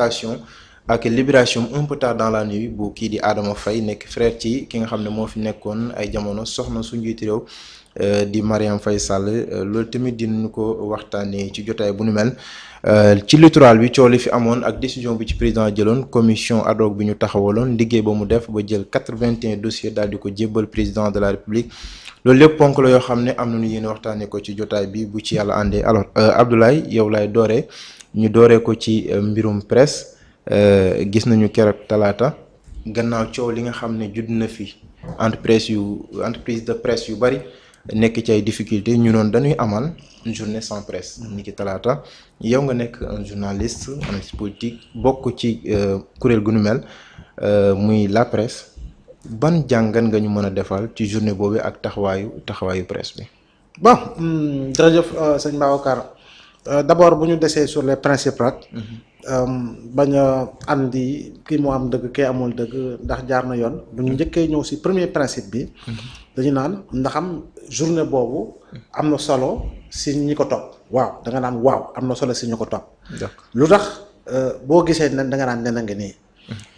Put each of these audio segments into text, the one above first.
arrestation ak libération un peu tard dans la nuit bu kii di Adama fay nekk frère ci ki nga xam ne moo fi nekkoon ay jamono soxna su njiiti réew euh, di Mariam fay Sall euh, loolu tamit dinañu ko waxtaanee ci jotaay bu nu mel euh, ci littoral bi coow li fi amoon ak décision bi ci président jëloon commission ad hoc bi ñu taxawaloon liggéey ba mu def ba jël quatre-vingt-un dossiers daal di ko jébbal président de la république loolu lépp ponk la yoo xam ne am nañu yéen waxtaanee ko ci jotaay bi bu ci yàlla àndee alors Abdoulaye yow laay dooree. ñu dooree ko ci euh, mbirum presse euh, gis nañu keroog talaata gannaaw coow li nga xam ne judd na fi entreprise yu entreprise de presse yu bari nekk ci ay difficulté ñu noonu dañuy amal une journée sans presse mm. ni ki talaata yow nga nekk un journaliste analyste bokk ci euh, kuréel gu nu mel muy la presse ban jàngan nga ñu mën a defal ci journée boobu ak taxawaayu taxawaayu presse bi. bon mm, jërëjëf sëñ Babacar Euh, d'abord bu ñu desee sur les principes rek mhm. euh, bañ a andi kii moo am dëgg kii amul dëgg ndax jaar na yoon bu ñu mhm. njëkkee ñëw si premier principe bi mhm. dañu naan ndaxam journée boobu am na solo si ñi ko topp waaw da nga naan waaw am na solo si ñu ko topp lu tax euh, boo gisee nen danga nga naan nen a ngi nii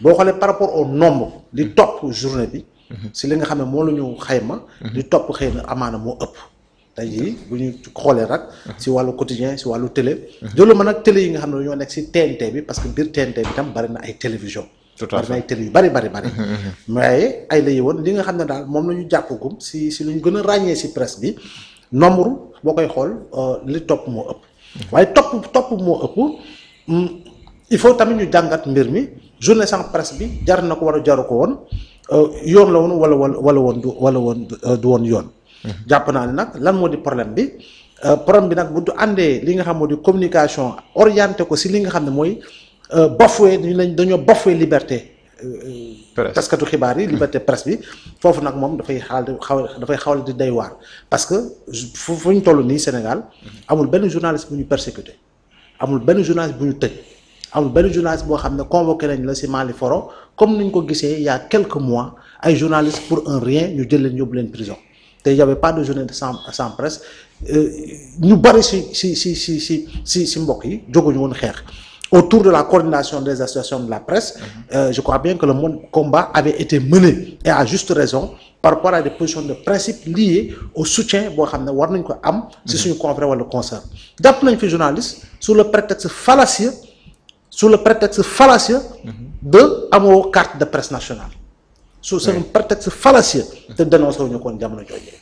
boo xoolee par rapport au nomb di topp journée bi si li nga xam ne moo la ñu xayma di topp xëy na amaana moo ëpp tey jii bu ñu xoolee nag si wàllu quotidien si wàllu télé jëlu ma nag télé yi nga xam ne ñoo nekk si TNT bi parce que biir TNT bi tam bari na ay télévision bari na ay télé yu bari bari bari mais ay la yoon li nga xam ne daal moom la ñu jàppagum si si lu ñu gën a ràññee si presse bi nombre boo koy xool euh, li topp moo ëpp waaye topp topp moo ëpp il faut tamit ñu jàngat mbir mi journée sans presse bi jar na ko war a jaru ko woon euh, yoon la woon wala wala wala woon du wala woon euh, du woon yoon jàpp naa ne nag lan moo di problème bi euh, problème bi nag bu du àndee li nga xam moo di communication orienté ko si li nga xam ne mooy euh, bafoué ñu lañ dañoo bafoué liberté. Euh, presse taskatu xibaar yi mm-hmm. liberté presse bi foofu nag moom dafay xaal xaw dafay xawal di day waar parce que fu fu ñu toll nii Sénégal mm-hmm. amul benn journaliste bu ñu persécuté amul benn journaliste bu ñu tëj amul benn journaliste boo xam ne convoqué nañ la si Mali foro comme ni ñu ko gisee yaa y mois ay journalistes pour un rien ñu jël leen leen prison. te y avait pas de journée sans sans presse euh, ñu bëri si si si si si si si mbokk yi jóguñu woon xeex autour de la coordination des associations de la presse mhm. euh, je crois bien que le monde combat avait été mené et à juste raison par rapport à des positions de principe liées au soutien boo xam ne war nañ ko am si mhm. suñu confrère wala concert jàpp nañ fi journaliste sous le prétexte fallacieux sous le prétexte fallacieux mhm. de amoo carte de presse nationale sous un prétexte fallacieux te dénoncé wuñu koon jamono joojee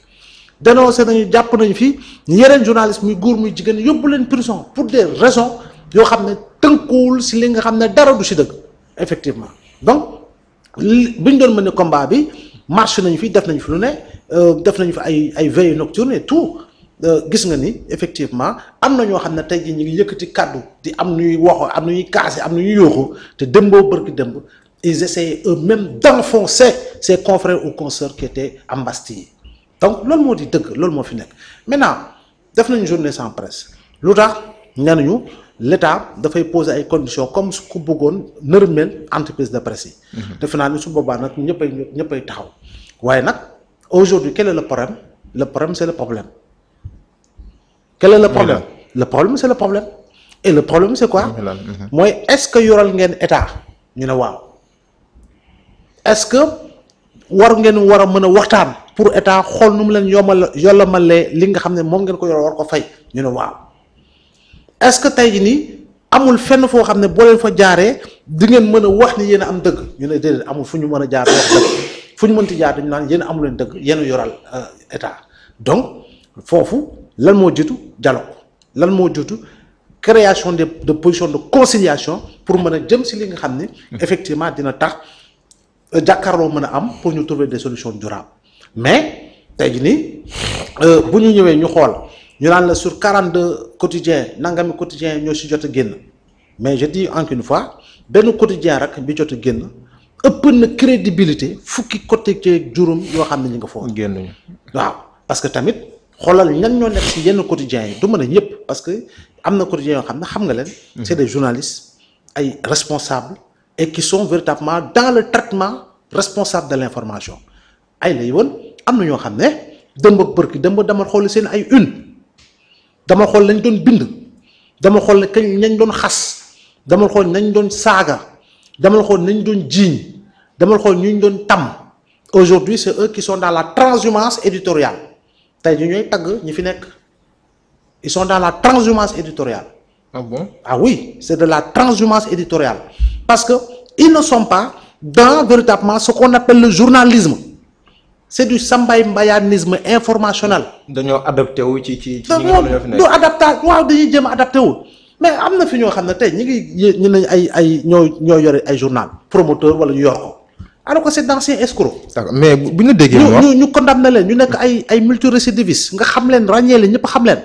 dénoncé nañu jàpp nañu fii yeneen journaliste muy góor muy jigéen yóbbu leen prison pour des raisons yoo xam ne tënkuwul si li nga xam ne dara du si dëgg effectivement donc bi ñu doon mën ne combat bi marche nañu fi def nañu fi lu ne euh, def nañu fi ay ay veille nocturne et tout euh, gis nga ni effectivement am na ñoo xam ne tey jii ñu ngi yëkkati kàddu di am ñuy waxo am nuy ñuy kaase am nu ñuy yooxu te démboo bërki démb ils essayaient eux-mêmes d'enfoncer ces confrères ou consoeurs qui étaient embastillés donc loolu moo di dëgg loolu moo fi nekk maintenant def nañu journée sans presse lu tax ñan nañu l'État dafay poser ay conditions comme su ko bëggoon nërmeel entreprise de presse yi. Mhm. defe naa ni su boobaa nag ñëppay ñëppay taxaw waaye nag aujourd'hui quel est le problème le problème c'est le problème. quel est le problème le problème c'est le problème et le problème c'est quoi. Mhm. mooy est-ce que yoral est-ce que war ngeen war a mën a waxtaan pour état xool nu mu leen yomal yollamalee li nga xam ne moom ngeen ko yor war ko fay ñu ne waaw est-ce que tey jii nii amul fenn foo xam ne boo leen fa jaaree di ngeen mën a wax ni yéen a am dëgg ñu ne déedéet amul fu ñu mën a jaar fu ñu mën ti jaar dañu naan yéen a amu leen dëgg yéen yoral euh, état donc foofu lan moo jiitu dialogue lan moo jutu création de de position de conciliation pour mën a jëm si li nga xam ne effectivement dina tax Euh, jàkkaarloo mën a am pour ñu trouver de solution durables mais tey jii nii euh, bu ñu ñëwee ñu xool ñu naan la sur 42 quotidiens nangami quotidiens ñoo si jot a génn mais je di encore fois benn quotidien rek bi jot a génn ëpp na crédibilité fukki côté ci juróom yoo xam ne ñu nga foofu. génn waaw parce que tamit xoolal ñan ñoo nekk si yenn quotidiens yi du mën a ñëpp parce que am na quotidiens yoo xam ne xam nga leen. c'est des journalistes ay responsables. et qui sont véritablement dans le traitement responsable de l'information ay lay woon am na ñoo xam ne dëmb ak bërki dëmb damal xool seen ay une dama xool lañ doon bind dama xool kañ nañ doon xas damal xool nañ doon saaga dama xool nañ doon jiiñ damal xool ñu doon tam aujourd'hui c'est eux qui sont dans la transhumance éditoriale tey ñu ñooy tagg ñi fi nekk ils sont dans la transhumance éditoriale ah bon ah oui c'est de la transhumance éditoriale parce que ils ne sont pas dans véritablement ce qu'on appelle le journalisme c'est du sambay mbayanisme informationnel. dañoo adapté wu ci ci ci ñi nga xam ne jëm adapté wu mais am na fi ñoo xam ne tey ñi ngi ñu nañ ay ay ñoo ñoo yore ay journal promoteur wala ñu yor ko alors que c'est d'anciens mais bu ñu déggee. ñu ñu condamné leen ñu nekk ay ay multirécidivistes nga xam leen ràññee leen ñëpp xam leen.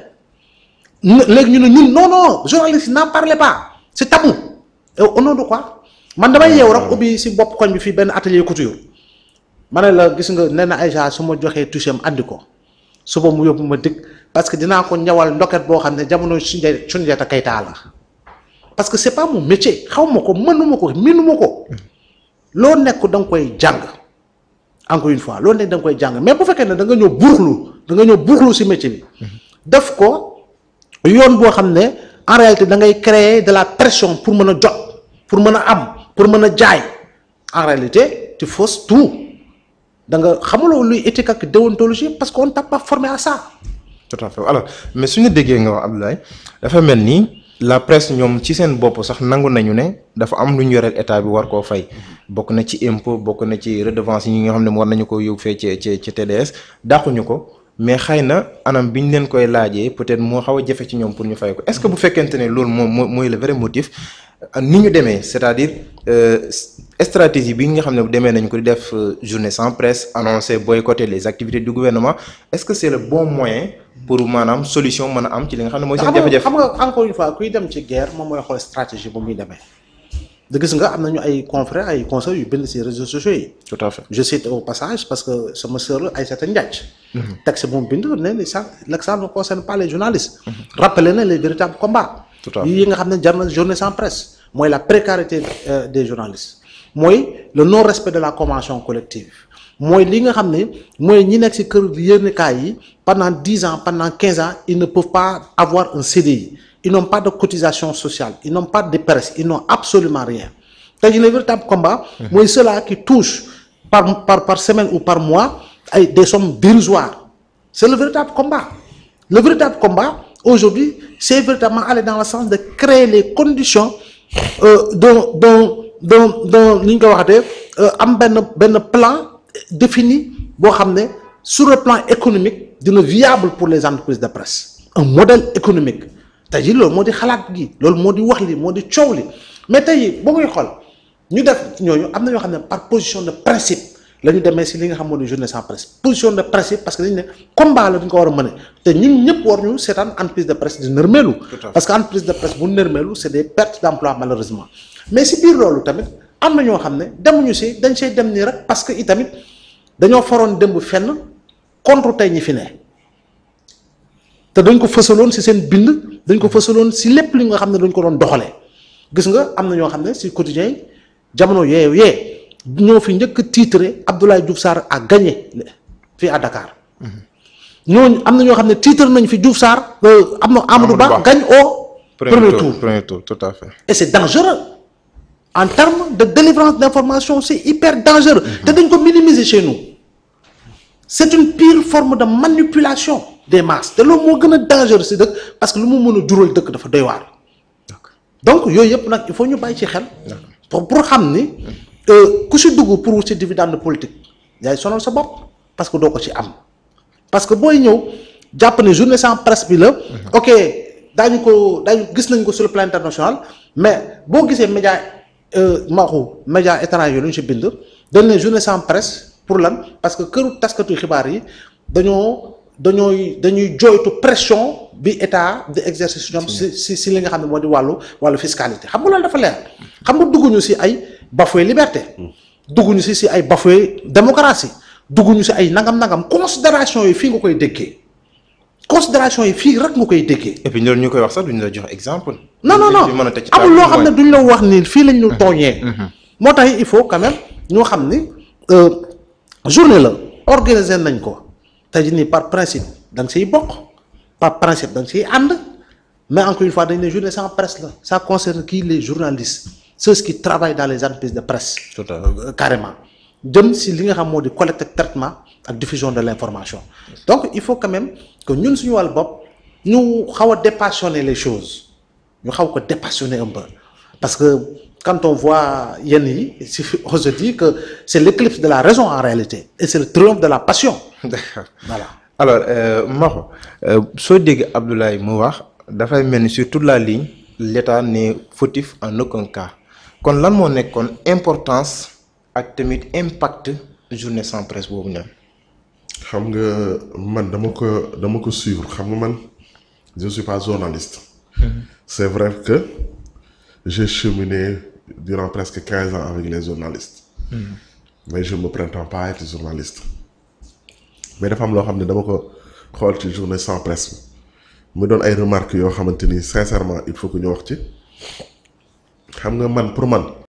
léegi ñu ne ñun non non journaliste n'en parlez pas c'est tabou. Euh, au nom de man damay yeew rek euh. ubbi si bopp koñ bi fii benn atelier couture ma ne la gis nga nee na Aïcha su ma joxee touché am ko suba mu yóbbu ma dikk parce que dinaa ko ñawal ndoket boo xam ne jamono Soundiata Soundiata Keita parce que c'est pas xaw ma ko mënuma ko minuma ko loo nekk da nga koy fois loo nekk da nga koy jàng mais bu fekkee ne da nga ñëw buruxlu da ñëw buruxlu si métier mm-hmm. def ko yoon boo xam ne en réalité da ngay créer de la pression pour mën a jot pour mën a am pour mën a jaay en réalité tu fausses tout da nga xamuloo luy éthique ak déontologie parce qu'on t'a pas formé à ça. tout à fait alors mais suñu déggee nga wax Abdoulaye dafa mel ni la presse ñoom ci seen bopp sax nangu nañu ne dafa am lu ñu yoreel état bi war koo fay bokk na ci impôt bokk na ci redevance yi nga xam ne war nañu ko yóbbu fee ci ci TDS dàquñu ko. mais xëy na anam bi ñu leen koy laajee peut-être moo xaw a jafe ci ñoom pour ñu fay ko est-ce que bu fekkente ne loolu moom mooy le vrai motif ni ñu demee c'est-à-dire euh, stratégie bi nga xam ne demee nañ ko di def euh, journée sans presse annoncer boycotter les activités du gouvernement est-ce que c'est le bon moyen pour maanaam solution mën a am ci li nga xam ne mooy seen ah jafe-jafe xam nga encore une fois kuy dem ci guerre moom mooy xool stratégie bu muy demee. da gis nga am nañu ay confrères ay conseils yu bind ci réseaux sociaux yi. je cite au passage parce que sama sœur la Aïssata Ndiaye. Mhm. texte bu mu bind nee na ça l'exemple ne concerne pas les journalistes. Mhm. rappeler na les véritables combats. tout nga xam ne jar na journée sans presse mooy la précarité euh, des journalistes mooy le non respect de la convention collective. mooy li nga xam ne mooy ñi nekk ci kër yéenekaay yi pendant dix ans pendant quinze ans ils ne ils n'ont pas de cotisation sociale ils n'ont pas de presse ils n'ont absolument rien tey jii le véritable combat mooy ceux-là qui touchent par par par semaine ou par mois ay des sommes dérisoires c'est le véritable combat le véritable combat aujourd'hui c'est véritablement aller dans le sens de créer les conditions euh, d'un d'un d'un am benn benn plan défini boo xam ne sur le plan économique dina viable pour les entreprises de presse un modèle économique tey jii loolu moo di xalaat gi loolu moo di wax li moo di coow li mais tey boo koy xool ñu def ñooñu am na ñoo xam ne par position de principe la ñu demee si li nga xam moo di journée sans presse position de principe parce que dañu ne combat la duñ ko war a mën te ñun ñëpp war ñu seetaan entreprise de presse di nërmeelu. parce que entreprise de presse bu nërmeelu c' est des pertes malheureusement mais si biir loolu tamit am na ñoo xam ne demuñu si dañ see dem nii rek parce que itamit dañoo faroon démb fenn contre tey ñi fi ne. te dañ ko fësaloon si seen bind dañ ko fësaloon si lépp li nga xam ne dañ ko doon doxalee gis nga am na ñoo xam ne si quotidien yi jamono yeew yee ñoo fi njëkk a titré Abdoulaye Diouf Sarr a gagné fii à Dakar mhm. ñooñu am na ñoo xam ne tiitre nañ fi Diouf saar am euh, na Amadou Ba gagne au premier tour premier tour tout à fait et c'est dangereux en termes de délivrance d'information c'est hyper dangereux mhm. te dañ ko minimiser chez nous c'est une pire forme de manipulation des masses te loolu moo gën a dangereux si dëkk parce que lu mu mën jural dëkk dafa doy waar. donc yooyu yëpp nag il faut ñu bàyyi ci xel. pour xam ni euh, ku si dugg pour si dividende politique yaay sonal sa bopp parce que doo ko ci am parce que booy ñëw jàpp ne journée sans presse bi la. Mhm. ok daañu ko daañu gis nañ ko sur le plan international mais boo gisee média euh, maaxu média étranger lu ñu si bind dañ ne journée sans presse pour lan parce que kër taskatu xibaar yi dañooy dañuy jooytu pression bi état di exercer si ñoom si si li nga xam ne moo di wàllu wàllu fiscalité xam nga loolu dafa leer xam nga dugguñu si ay bafoué liberté hmm. dugguñu si si ay bafoué démocratie dugguñu si ay nangam-nangam considération yi fii nga koy déggee considération yi fii rek nga koy déggee. et puis loolu ñu koy wax sax duñ la jox exemple. non non non amul loo xam ne duñ la wax ni fii lañ ñu hmm. tooñee. Hmm. moo tax il faut quand même ñoo xam ni euh, journée la organiser nañ ko. tey jii nii par principe da siy bokk par principe da nga siy ànd mais encore une fois dañ ne journée sans presse la ça concerne qui les journalistes ceux qui travaillent dans les entreprises de presse. tout à fait euh, carrément jëm si li nga xam moo di collecte traitement ak diffusion de l' information donc il faut quand même que ñun suñu wàll bopp ñu xaw a dépassionner les choses ñu xaw ko dépassionner un peu parce que. quand on voit yenn yi on se dit que c'est l'éclipse de la raison en réalité et c'est le triomphe de la passion. d'accord voilà. alors euh, Mako euh, soo dégg Abdoulaye mu wax dafay mel ni sur toute la ligne l'État n'est fautif en aucun cas kon lan moo nekkoon importance ak tamit impact journée sans presse boobu ñoom. xam nga man dama ko dama ko suivre xam nga man je suis pas journaliste. Mm-hmm. c'est vrai que j'ai cheminé. durant presque quinze ans avec les journalistes. mais hmm. je me prétends pas être journaliste. mais dafa am loo xam ne dama ko xool ci journée sans presse mu doon ay remarques yoo xamante ni sincèrement il faut que ñu wax ci xam nga man pour man.